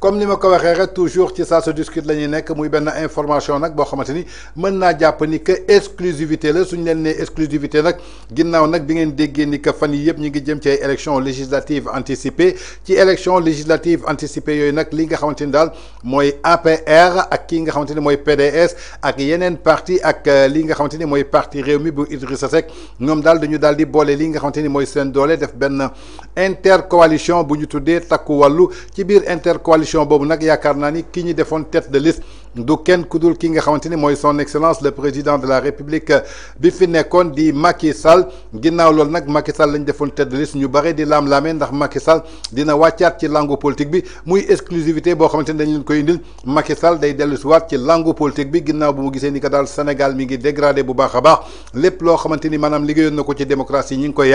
comme ni mako ko waxee toujours ci ça se discute la nek muy ben information nak bo xamanteni meun na japp ni que exclusivité la suñ leen nee exclusivité nak ginnaw nak bi ngeen déggee ni que fan yépp ñi ngi jëm ci ay élection législative anticipée ci élection législative anticipée yoy nak li nga xamanteni dal moy APR ak ki nga xamanteni moy PDS ak yenen parti ak euh, li nga xamanteni moy parti réew mi bu Idrissa Seck ñom dal dañu daal di boole li nga xamanteni moy sen seen def ben intercoalition bu ñu tuddé takku walu ci bir intercoalition coalition bobu nak yakarna ni ki ñu tête de liste du ken ku ki nga xamanteni moy son excellence le président de la république euh, bi fi nekkoon di Macky Sall ginnaw lol nak Macky Sall lañ defoon tête de liste ñu bari di main lamé ndax Macky Sall dina wàccaat ci langue politique bi muy exclusivité bo xamanteni dañ leen koy indil Macky Sall day dellusiwaat ci langue politique bi ginnaw bu mu gisé ni ka dal Sénégal mi ngi dégradé bu baaxa baax lepp lo xamanteni ni ligéyon nako ci démocratie ñing koy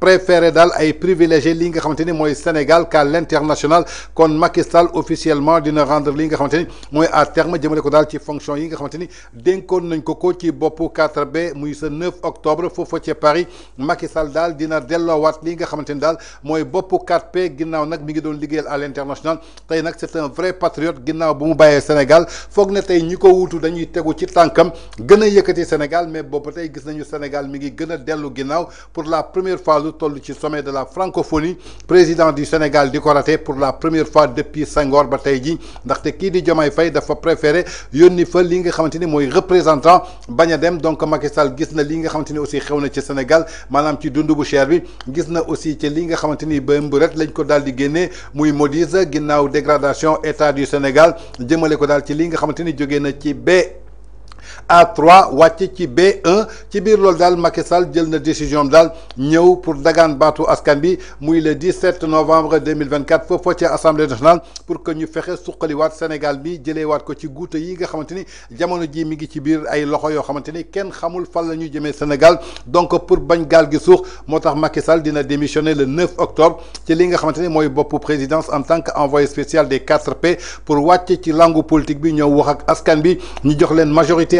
préféré dal ay privilégier li nga xamante moy Sénégal qu'à l'international kon Macky Sall officiellement dina rendre li nga xamante moy à terme jëmale ko dal ci fonction yi nga xamante ni dénkoon nañ ko ko ci boppu 4B muy ce 9 octobre fofu ci Paris Macky Sall dal dina delloowaat li nga xamante dal moy mooy 4P ginnaw nak mi ngi doon liggéeyal à l'international tay nak c'est un vrai patriote ginnaw bu mu bàyyee Sénégal foog ne tay ñiko ko dañuy tegu ci tankam gëna yëkëti Sénégal mais boobu tay gis nañu Sénégal mi ngi gëna a ginnaw pour la première fois lu sommet de la francophonie président du Sénégal décoraté pour la première fois depuis Senghor ba tey ji ndaxte kii di Diomaye préféré yónni fa li nga représentant Banyadem, donc Macky Sall gis na li nga aussi xew Sénégal Madame ci dund bu cher aussi ci li nga xamante ni bëmb lañ ko modise ginnaaw dégradation état du Sénégal jëmale ko daal ci li nga xamante B a3 Wati B1 ci Lodal Makessal, daal Macky décision d'Al, pour Dagan Batu askan le 17 novembre 2024 foofu ci assemblée nationale pour que ñu fexe suqaliwaat Sénégal bi jëleewaat ko ci guute yi nga xamante ni jamono ji mi ngi ci biir ay Sénégal donc pour Bangal gaal gi Makessal, Macky dina démissionner le 9 octobre ci li nga xamante ni présidence en tant qu'envoyé spécial des 4P pour Wati ci langue politique bi avons wax ak askan bi ñu majorité